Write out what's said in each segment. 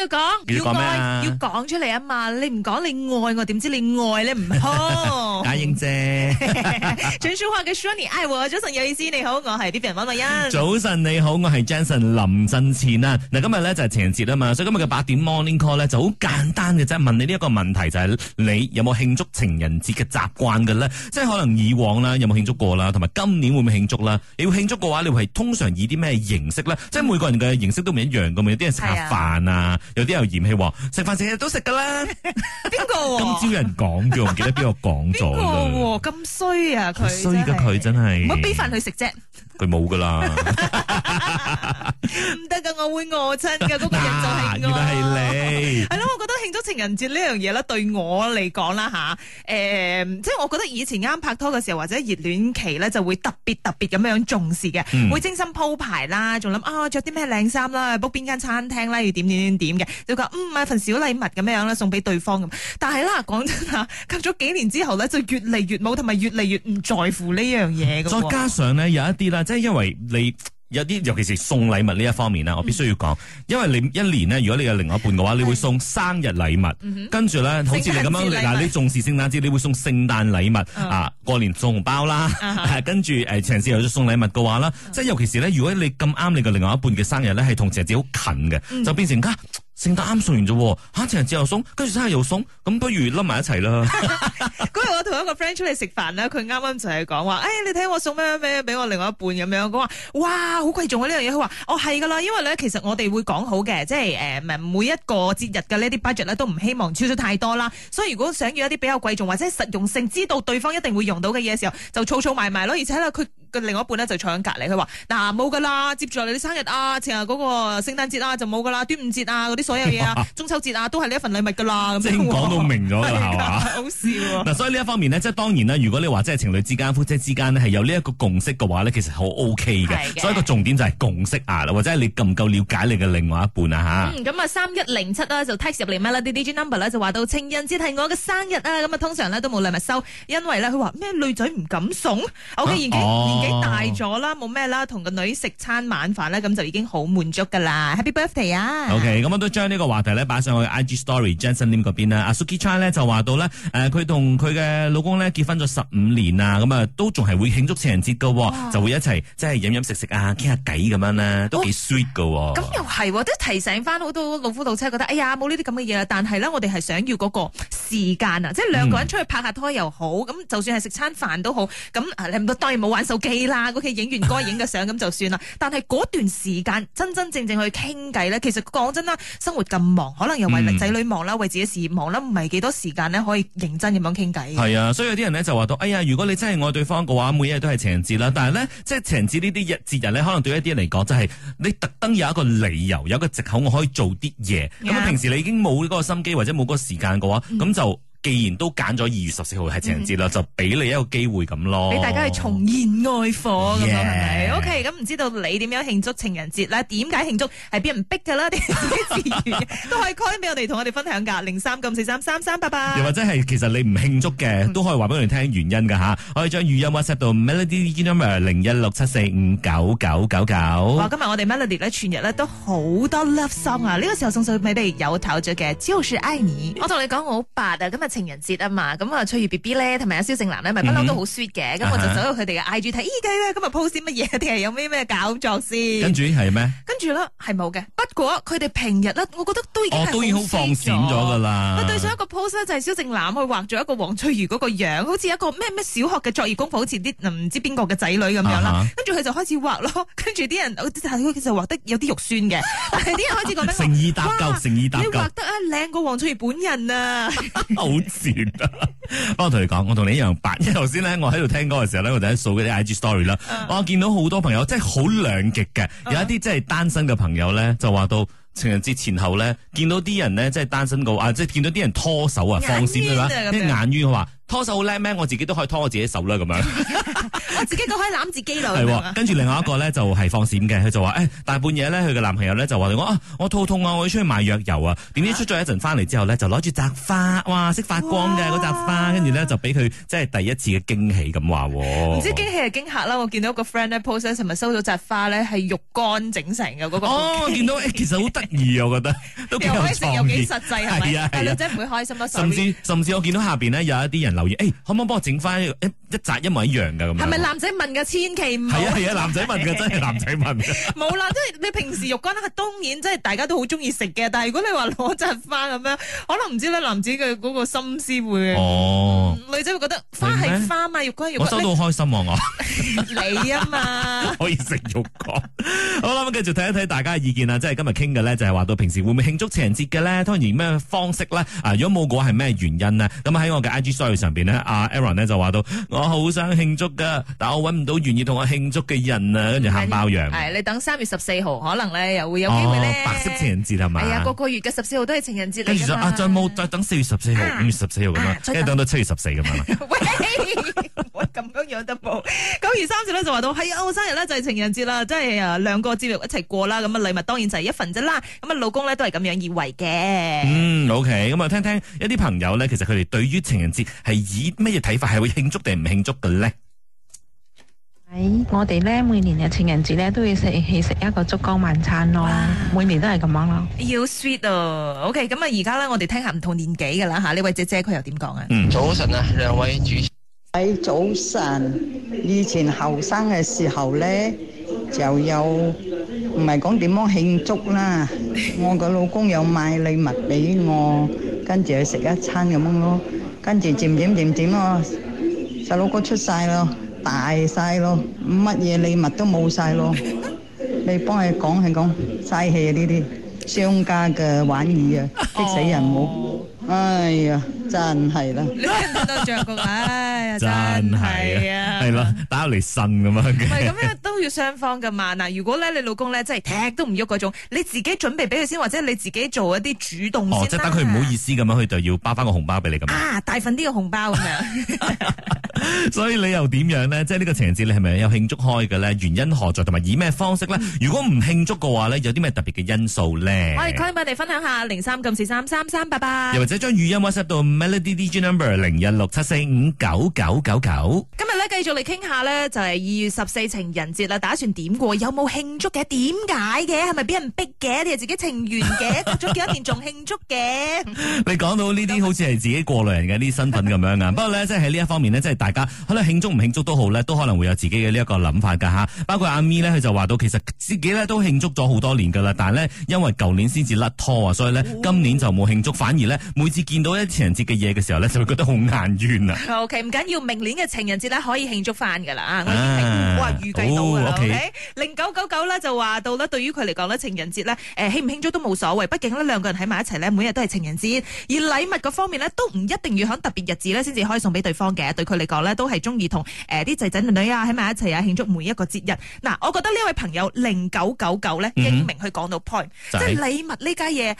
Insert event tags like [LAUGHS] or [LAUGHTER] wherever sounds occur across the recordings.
要講要愛，講、啊、出嚟啊嘛！你唔講你愛我，點知你愛你唔好？家 [LAUGHS] 家英姐 [LAUGHS] [LAUGHS] [LAUGHS] 准小花嘅 Shoni，哎，早晨有意思，你好，我係 B B M 文文欣。早晨你好，我係 Janson 林振前啊！嗱，今日咧就係情人節啊嘛，所以今日嘅八點 Morning Call 咧就好簡單嘅啫，問你呢一個問題就係、是、你有冇慶祝情人節嘅習慣嘅咧？即係可能以往啦，有冇慶祝過啦，同埋今年會唔會慶祝啦？你要慶祝嘅話，你係通常以啲咩形式咧？嗯、即係每個人嘅形式都唔一樣噶嘛，有啲人食下飯啊。有啲又嫌棄，話食飯成日都食噶啦。邊個、啊？ [LAUGHS] 今朝有人講，我唔記得邊個講咗啦？咁衰啊！佢衰嘅佢真係。唔好畀飯佢食啫。佢冇噶啦，唔得噶，我會餓親噶，嗰、嗰個人就係你係咯，我覺得慶祝情人節呢樣嘢咧，對我嚟講啦吓，誒、啊，即係我覺得以前啱拍拖嘅時候或者熱戀期咧，就會特別特別咁樣重視嘅，會精心鋪排啦，仲諗啊着啲咩靚衫啦，book 邊間餐廳啦，要點點點嘅，就講嗯買、啊、份小禮物咁樣樣啦，送俾對方咁，但係啦講真吓，隔咗幾年之後咧，就越嚟越冇，同埋越嚟越唔在乎呢樣嘢，再加上咧有一啲咧。即係因為你有啲，尤其是送禮物呢一方面啦，我必須要講，嗯、因為你一年咧，如果你有另外一半嘅話，你會送生日禮物，嗯、哼跟住咧，好似你咁樣嗱，你重視聖誕節，你會送聖誕禮物、嗯、啊，過年送紅包啦、嗯哼啊，跟住誒情人節又送禮物嘅話啦，即係、嗯、哼尤其是咧，如果你咁啱你嘅另外一半嘅生日咧，係同情人節好近嘅，嗯、就變成家。聖誕啱送完啫，吓情人節又送，跟住生日又送，咁不如冧埋一齊啦。嗰 [LAUGHS] 日 [LAUGHS] 我同一個 friend 出嚟食飯啦，佢啱啱就係講話，誒、哎、你睇我送咩咩咩俾我另外一半咁樣，佢話，哇好貴重啊呢樣嘢，佢、這、話、個、哦係噶啦，因為咧其實我哋會講好嘅，即係誒唔每一個節日嘅呢啲 budget 咧都唔希望超出太多啦，所以如果想要一啲比較貴重或者實用性，知道對方一定會用到嘅嘢嘅時候，就儲儲埋埋咯，而且咧佢。嘅另外一半咧就坐喺隔籬，佢話嗱冇噶啦，接住你啲生日啊、前日嗰個聖誕節啊就冇噶啦，端午節啊嗰啲所有嘢啊，中秋節啊都係呢一份禮物噶啦。即係講到明咗啦，係嘛好笑。嗱，所以呢一方面咧，即係當然咧，如果你話真係情侶之間、夫妻之間咧，係有呢一個共識嘅話咧，其實好 OK 嘅。所以個重點就係共識啊，或者你夠唔夠了解你嘅另外一半啊吓。嗯，咁啊三一零七啦，就 text 入嚟 Melody 啦啲 DJ number 咧就話到情人節係我嘅生日啊，咁啊通常咧都冇禮物收，因為咧佢話咩女仔唔敢送。O K，而家。自己大咗啦，冇咩啦，同個女食餐晚飯咧，咁就已經好滿足噶啦！Happy Birthday 啊！OK，咁、嗯、我都將呢個話題咧擺上去 IG Story、Instagram 嗰邊啦。阿 Suki Chan 咧就話到咧，誒佢同佢嘅老公咧結婚咗十五年啊，咁、嗯、啊都仲係會慶祝情人節噶，哇就會一齊即係飲飲食食啊，傾下偈咁樣咧，都幾 sweet 噶。咁又係，都提醒翻好多老夫老妻覺得，哎呀冇呢啲咁嘅嘢啦。但係咧，我哋係想要嗰個時間啊，即係兩個人出去拍下拖又好，咁、嗯、就算係食餐飯都好，咁、嗯、誒當然冇玩手機。係啦，嗰期影完該影嘅相咁就算啦。但係嗰段時間真真正正去傾偈咧，其實講真啦，生活咁忙，可能又為令仔女忙啦，嗯、為自己事業忙啦，唔係幾多時間咧可以認真咁樣傾偈。係啊，所以有啲人咧就話到，哎呀，如果你真係愛對方嘅話，每日都係情人節啦。但係咧，即係情人節呢啲日節日咧，可能對一啲人嚟講、就是，就係你特登有一個理由，有一個借口，我可以做啲嘢。咁啊、嗯，平時你已經冇嗰個心機或者冇嗰個時間嘅話，咁就、嗯。既然都揀咗二月十四號係情人節啦，就俾你一個機會咁咯，俾大家去重現愛火咁樣係咪？OK，咁唔知道你點樣慶祝情人節啦？點解慶祝係俾人逼噶啦？啲自願嘅都可以 call 俾我哋，同我哋分享噶零三九四三三三八八。又或者係其實你唔慶祝嘅，都可以話俾我哋聽原因噶吓，可以將語音 WhatsApp 到 Melody Email 零一六七四五九九九九。哇，今日我哋 Melody 咧全日咧都好多 Love Song 啊！呢個時候送上俾你有頭緒嘅就是愛你。我同你講我好白啊，今日。情人節啊嘛，咁啊翠如 B B 咧，同埋阿蕭正楠咧，咪不嬲都好 sweet 嘅，mm，咁，hmm. 我就走到佢哋嘅 IG 睇，咦，uh，今日今日 post 乜嘢？定係有咩咩搞作先？跟住係咩？跟住啦，係冇嘅。不過佢哋平日咧，我覺得都已經係好。哦，放閃咗噶啦。對上一個 post 咧，就係蕭正楠去畫咗一個黃翠如嗰個樣，好似一個咩咩小學嘅作業功課，好似啲唔知邊個嘅仔女咁樣啦。Uh huh. 跟住佢就開始畫咯，跟住啲人睇佢其實畫得有啲肉酸嘅， [LAUGHS] 但係啲人開始講咩誠意搭救，誠意搭救，你畫得啊靚過黃翠如本人啊！ [LAUGHS] 黐 [LAUGHS] 啦！我同你講，我同你一樣白。因為頭先咧，我喺度聽歌嘅時候咧，我就喺掃嗰啲 IG story 啦、uh. 啊。我見到好多朋友真係好兩極嘅，uh. 有一啲即係單身嘅朋友咧，就話到情人節前後咧，見到啲人咧，即係單身個啊，即係見到啲人拖手啊，放閃嘅啦，啲眼冤係嘛？拖手好叻咩？我自己都可以拖我自己手啦，咁樣。 [LAUGHS] 我自己都可以攬自己啦 [LAUGHS] 呀。係，跟住另外一個咧就係放閃嘅，佢 [LAUGHS] 就話，誒、欸、大半夜咧，佢嘅男朋友咧就話，我、欸、啊，我肚痛啊，我要出去買藥油啊。點知出咗一陣翻嚟之後咧，就攞住扎花，哇，識發光嘅嗰扎花，跟住咧就俾佢即係第一次嘅驚喜咁話。唔知驚喜係驚嚇啦。我見到個 friend 咧 post 咧，係咪收到扎花咧係肉乾整成嘅嗰、那個？哦，我見到、 [LAUGHS] 欸、其實好得意，我覺得都幾有創意又有又幾實際，係咪？大、 [LAUGHS] 啊啊啊、女仔會開心多。甚至甚至我見到下邊咧有一啲人。誒、哎，可唔可以幫我整翻一一扎一模一樣噶咁樣？係咪男仔問嘅，千祈唔好。係啊係啊，男仔問嘅 [LAUGHS] 真係男仔問嘅。冇 [LAUGHS] 啦，即係你平時肉乾，當然即係大家都好中意食嘅。但係如果你話攞紮花咁樣，可能唔知咧，男子嘅嗰個心思會。哦你真會覺得花係花嘛？肉乾係肉乾，我收到好開心喎我。你啊嘛，可以食肉乾。好啦，咁繼續睇一睇大家嘅意見啦。即係今日傾嘅咧，就係話到平時會唔會慶祝情人節嘅咧？當然咩方式咧？啊，如果冇果係咩原因咧？咁喺我嘅 IG story 上邊呢，阿 Aaron 咧就話到我好想慶祝噶，但我搵唔到願意同我慶祝嘅人啊，跟住喊包羊。係你等三月十四號，可能咧又會有機會白色情人節係咪？係啊，個個月嘅十四號都係情人節跟住就啊，再冇再等四月十四號、五月十四號咁樣，即係等到七月十四咁。喂 [LAUGHS] 喂，咁 [LAUGHS] 樣樣得冇？九月三十咧就話到，係啊，我生日咧就係情人節啦，即係啊，兩個節日一齊過啦，咁啊禮物當然就係一份啫啦，咁啊老公咧都係咁樣以為嘅。嗯，OK，咁我聽聽一啲朋友咧，其實佢哋對於情人節係以咩嘢睇法慶慶，係會慶祝定唔慶祝嘅咧？喺我哋咧，每年嘅情人節咧，都要食去食一個燭光晚餐咯。每年都係咁樣咯。要 sweet 咯。OK，咁啊，而家咧，我哋聽下唔同年紀嘅啦吓。呢位姐姐佢又點講啊？嗯，早晨啊，兩位主持喺早晨。以前後生嘅時候咧，就有唔係講點樣慶祝啦。我個老公有買禮物俾我，跟住去食一餐咁樣咯。跟住漸漸漸漸咯，細路哥出晒咯。大晒咯，乜嘢禮物都冇晒咯！你幫佢講係講嘥氣啊！呢啲商家嘅玩意啊，激死人好，哎呀，真係啦，都著功！哎呀，真係啊，係咯、啊，打嚟呻咁樣唔係咁樣都要雙方噶嘛？嗱，如果咧你老公咧真係踢都唔喐嗰種，你自己準備俾佢先，或者你自己做一啲主動先啦、哦、即係等佢唔好意思咁樣，佢就要包翻個紅包俾你咁。啊，大份啲嘅紅包係咪 [LAUGHS] 所以你又點樣呢？即係呢個情人節你係咪有慶祝開嘅咧？原因何在？同埋以咩方式咧？如果唔慶祝嘅話咧，有啲咩特別嘅因素咧？我哋可以幫你哋分享下零三四三三三，八八。又或者將語音 WhatsApp 到 Melody DJ Number 零一六七四五九九九九。今日咧繼續嚟傾下咧，就係二月十四情人節啦，打算點過？有冇慶祝嘅？點解嘅？係咪俾人逼嘅？你係自己情願嘅？過咗幾多年仲慶祝嘅？你講到呢啲好似係自己過來人嘅呢啲身份咁樣啊！不過咧，即係喺呢一方面咧，即係大家可能慶祝唔慶祝都好咧，都可能會有自己嘅呢一個諗法㗎嚇。包括阿咪咧，佢就話到其實自己咧都慶祝咗好多年㗎啦，但係咧因為舊年先至甩拖啊，所以咧今年就冇慶祝，反而咧每次見到一情人節嘅嘢嘅時候咧，就會覺得好眼冤啊。OK，唔緊要，明年嘅情人節咧可以慶祝翻㗎啦啊，我已經係哇預計到㗎啦，OK。零九九九咧就話到咧，對於佢嚟講咧情人節咧誒慶唔慶祝都冇所謂，畢竟呢兩個人喺埋一齊咧，每日都係情人節，而禮物嗰方面咧都唔一定要響特別日子咧先至可以送俾對方嘅，對佢嚟講。咧都係中意同誒啲仔仔女女啊喺埋一齊啊慶祝每一個節日。嗱、啊，我覺得呢位朋友零九九九咧英明去講到 point，即係禮物呢家嘢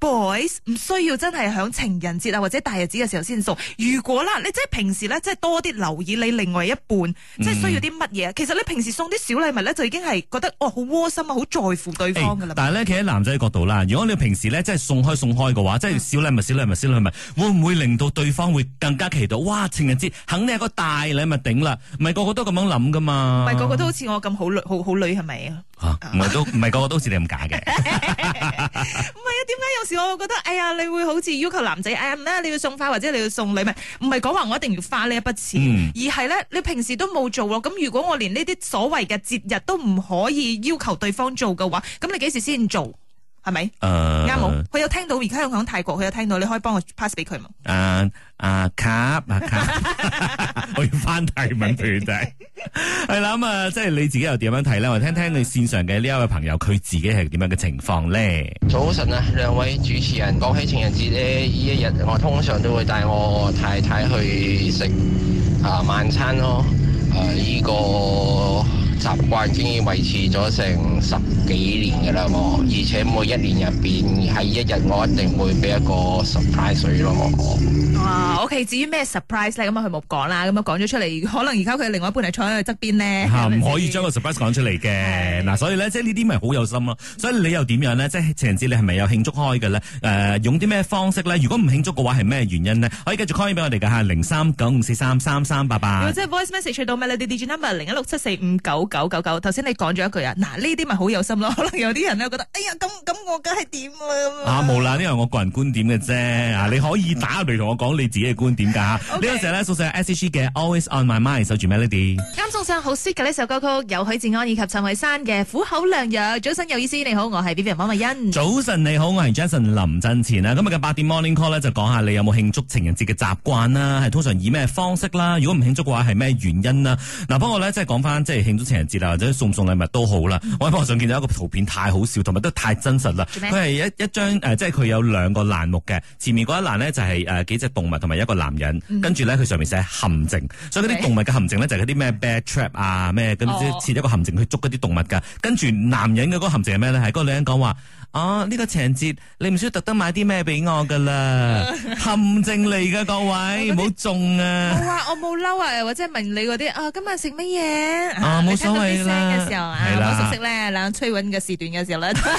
，boys 唔需要真係喺情人節啊或者大日子嘅時候先送。如果啦，你即係平時咧，即係多啲留意你另外一半，mm hmm. 即係需要啲乜嘢。其實你平時送啲小禮物咧，就已經係覺得哦好窩心啊，好在乎對方噶啦、欸。但係咧，企喺男仔角度啦，如果你平時咧即係送開送開嘅話，即係小，小，小禮物、小禮物、小禮物，會唔會令到對方會更加期待？哇！情人節肯定一個大你咪頂啦，咪個個都咁樣諗噶嘛？咪個個都好似我咁好女，好好女係咪啊？吓，唔係都唔係個個都似你咁假嘅。唔 [LAUGHS] 係 [LAUGHS] 啊，點解有時我會覺得，哎呀，你會好似要求男仔，哎呀，咧你要送花或者你要送禮物，唔係講話我一定要花呢一筆錢，嗯、而係咧你平時都冇做咯。咁如果我連呢啲所謂嘅節日都唔可以要求對方做嘅話，咁你幾時先做？係咪？誒啱冇。佢、uh, 有聽到而家響泰國，佢有聽到，你可以幫我 pass 俾佢嘛？阿阿卡阿卡，卡 [LAUGHS] [LAUGHS] 我要翻泰文俾你睇。係啦，咁啊， [LAUGHS] [LAUGHS] [LAUGHS] 即係你自己又點樣睇咧？我聽聽你線上嘅呢一位朋友，佢自己係點樣嘅情況咧？早晨啊，兩位主持人，講起情人節咧，呢一日我通常都會帶我太太去食啊晚餐咯。啊，呢個。習慣已經維持咗成十幾年噶啦，而且每一年入邊喺一,一日我一定會俾一個 surprise 咯，我。哇，OK，至於咩 surprise 咧，咁啊佢冇講啦，咁啊講咗出嚟，可能而家佢另外一半係坐喺佢側邊咧。嚇、嗯，唔可以將個 surprise 講出嚟嘅，嗱、 [LAUGHS] 啊，所以咧即係呢啲咪好有心咯。所以你又點樣咧？即係情人節你係咪有慶祝開嘅咧？誒、呃，用啲咩方式咧？如果唔慶祝嘅話係咩原因呢？可以繼續 call 翻俾我哋㗎嚇，零三九五四三三三八八。又即係 voice message 到 Melody DJ number 零一六七四五九。九九九，頭先你講咗一句啊，嗱呢啲咪好有心咯，可 [LAUGHS] 能有啲人咧覺得，哎呀咁咁我梗係點啊？冇啦，呢個係我個人觀點嘅啫， [LAUGHS] 你可以打入嚟同我講你自己嘅觀點㗎。呢個時候咧送上 S C Okay. G 嘅 Always On My Mind 守住 Melody，今送上好 sweet 嘅呢首歌曲，有許志安以及陳慧珊嘅《苦口良藥》。早晨有意思，你好，我係 Melody 王慧欣。早晨你好，我係 Jason 林振前啊。今日嘅八點 Morning Call 咧就講下你有冇慶祝情人節嘅習慣啦，係通常以咩方式啦？如果唔慶祝嘅話係咩原因啦？嗱不過咧即係講翻即係慶祝情人。或者送唔送禮物都好啦。 [MUSIC] 我喺網上見到一個圖片，太好笑，同埋都太真實啦。佢係一一張誒，即係佢有兩個欄目嘅。前面嗰一欄呢、就係，就係誒幾隻動物同埋一個男人，嗯、跟住咧佢上面寫陷阱。所以嗰啲動物嘅陷阱呢，就係嗰啲咩 bad trap 啊咩咁，即係設一個陷阱去捉嗰啲動物噶。跟住男人嘅嗰個陷阱係咩呢？係嗰個女人講話。哦，呢、這個情人節你唔需要特登買啲咩俾我噶啦，陷阱嚟噶，各位唔好中啊！我話我冇嬲啊，或者問你嗰啲啊，今日食乜嘢啊？冇、啊、所謂咧，係啦，我熟悉咧，冷吹搵嘅時段嘅時候啦。 [LAUGHS] [LAUGHS]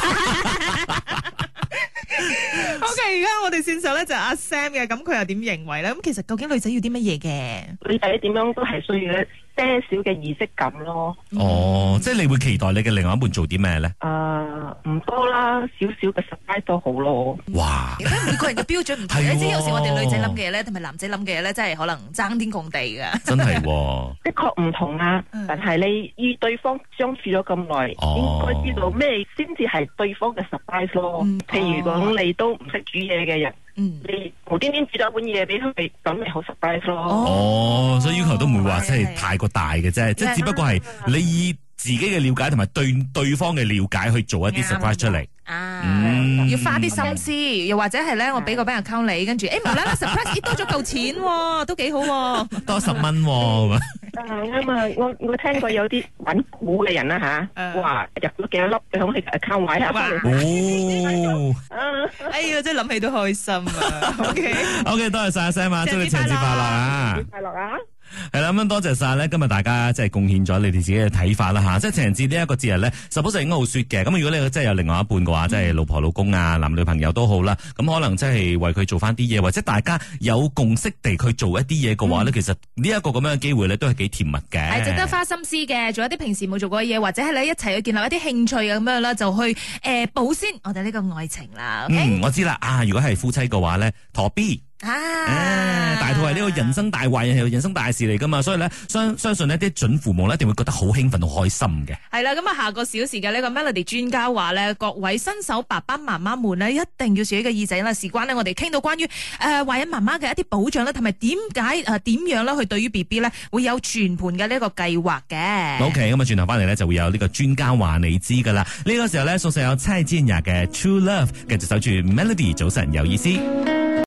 [LAUGHS] okay. 而家我哋線上咧就係阿 Sam 嘅，咁佢又點認為咧？咁其實究竟女仔要啲乜嘢嘅？女仔點樣都係需要些少嘅儀式感咯。哦，即係你會期待你嘅另外一半做啲咩咧？誒，唔多啦，少少嘅 surprise 都好咯。哇！而家每個人嘅標準唔同，你知有時我哋女仔諗嘅嘢咧，同埋男仔諗嘅嘢咧，真係可能爭天共地噶。真係喎，的確唔同啊。但係你與對方相處咗咁耐，應該知道咩先至係對方嘅 surprise 咯。譬如講，你都唔識。煮嘢嘅人，你無端端煮咗一碗嘢俾佢，咁咪好 surprise 咯。哦，哦，所以要求都唔會話真係太過大嘅啫，即係的只不過係你以自己嘅了解同埋對對方嘅了解去做一啲 surprise 出嚟。啊，嗯、要花啲心思，的又或者係咧，我俾個俾人溝你，跟住誒無啦啦 surprise 多咗嚿錢，都幾好，啊，多十蚊喎，啊。 [LAUGHS] 啊啱啊！我我聽過有啲揾股嘅人啦吓，哇，入咗幾多粒響佢坑位係嘛？哦，啊，哎呀，真係諗起都開心啊！OK，OK，多謝晒阿 Sam， [LAUGHS] [LAUGHS] [LAUGHS] 祝你情人節快樂啊！快樂啊！ [LAUGHS] 係啦，咁樣多謝晒咧，今日大家即係貢獻咗你哋自己嘅睇法啦吓、啊，即係情人節呢一個節日咧，實寶就應該好說嘅。咁如果你真係有另外一半嘅話，嗯、即係老婆老公啊，男女朋友都好啦，咁、啊、可能即係為佢做翻啲嘢，或者大家有共識地去做一啲嘢嘅話咧，嗯、其實呢一個咁樣嘅機會咧，都係幾甜蜜嘅。係值得花心思嘅，做一啲平時冇做過嘢，或者係你一齊去建立一啲興趣咁樣啦，就去誒保鮮我哋呢個愛情啦、okay? 嗯。我知啦，啊，如果係夫妻嘅話咧，陀 B。啊啊、大肚係呢個人生大話，人生大事嚟噶嘛，所以咧，相相信咧啲準父母一定會覺得好興奮好開心嘅。係啦，咁啊，下個小時嘅呢個 Melody 專家話咧，各位新手爸爸媽媽們咧，一定要注意個耳仔啦。事關呢，我哋傾到關於誒懷孕媽媽嘅一啲保障啦，同埋點解誒點樣啦，去對於 BB 咧會有全盤嘅呢個計劃嘅。OK，咁啊，轉頭翻嚟咧就會有呢個專家話你知噶啦。呢、這個時候咧，送上有蔡健雅嘅 True Love，繼續守住 Melody 早晨有意思。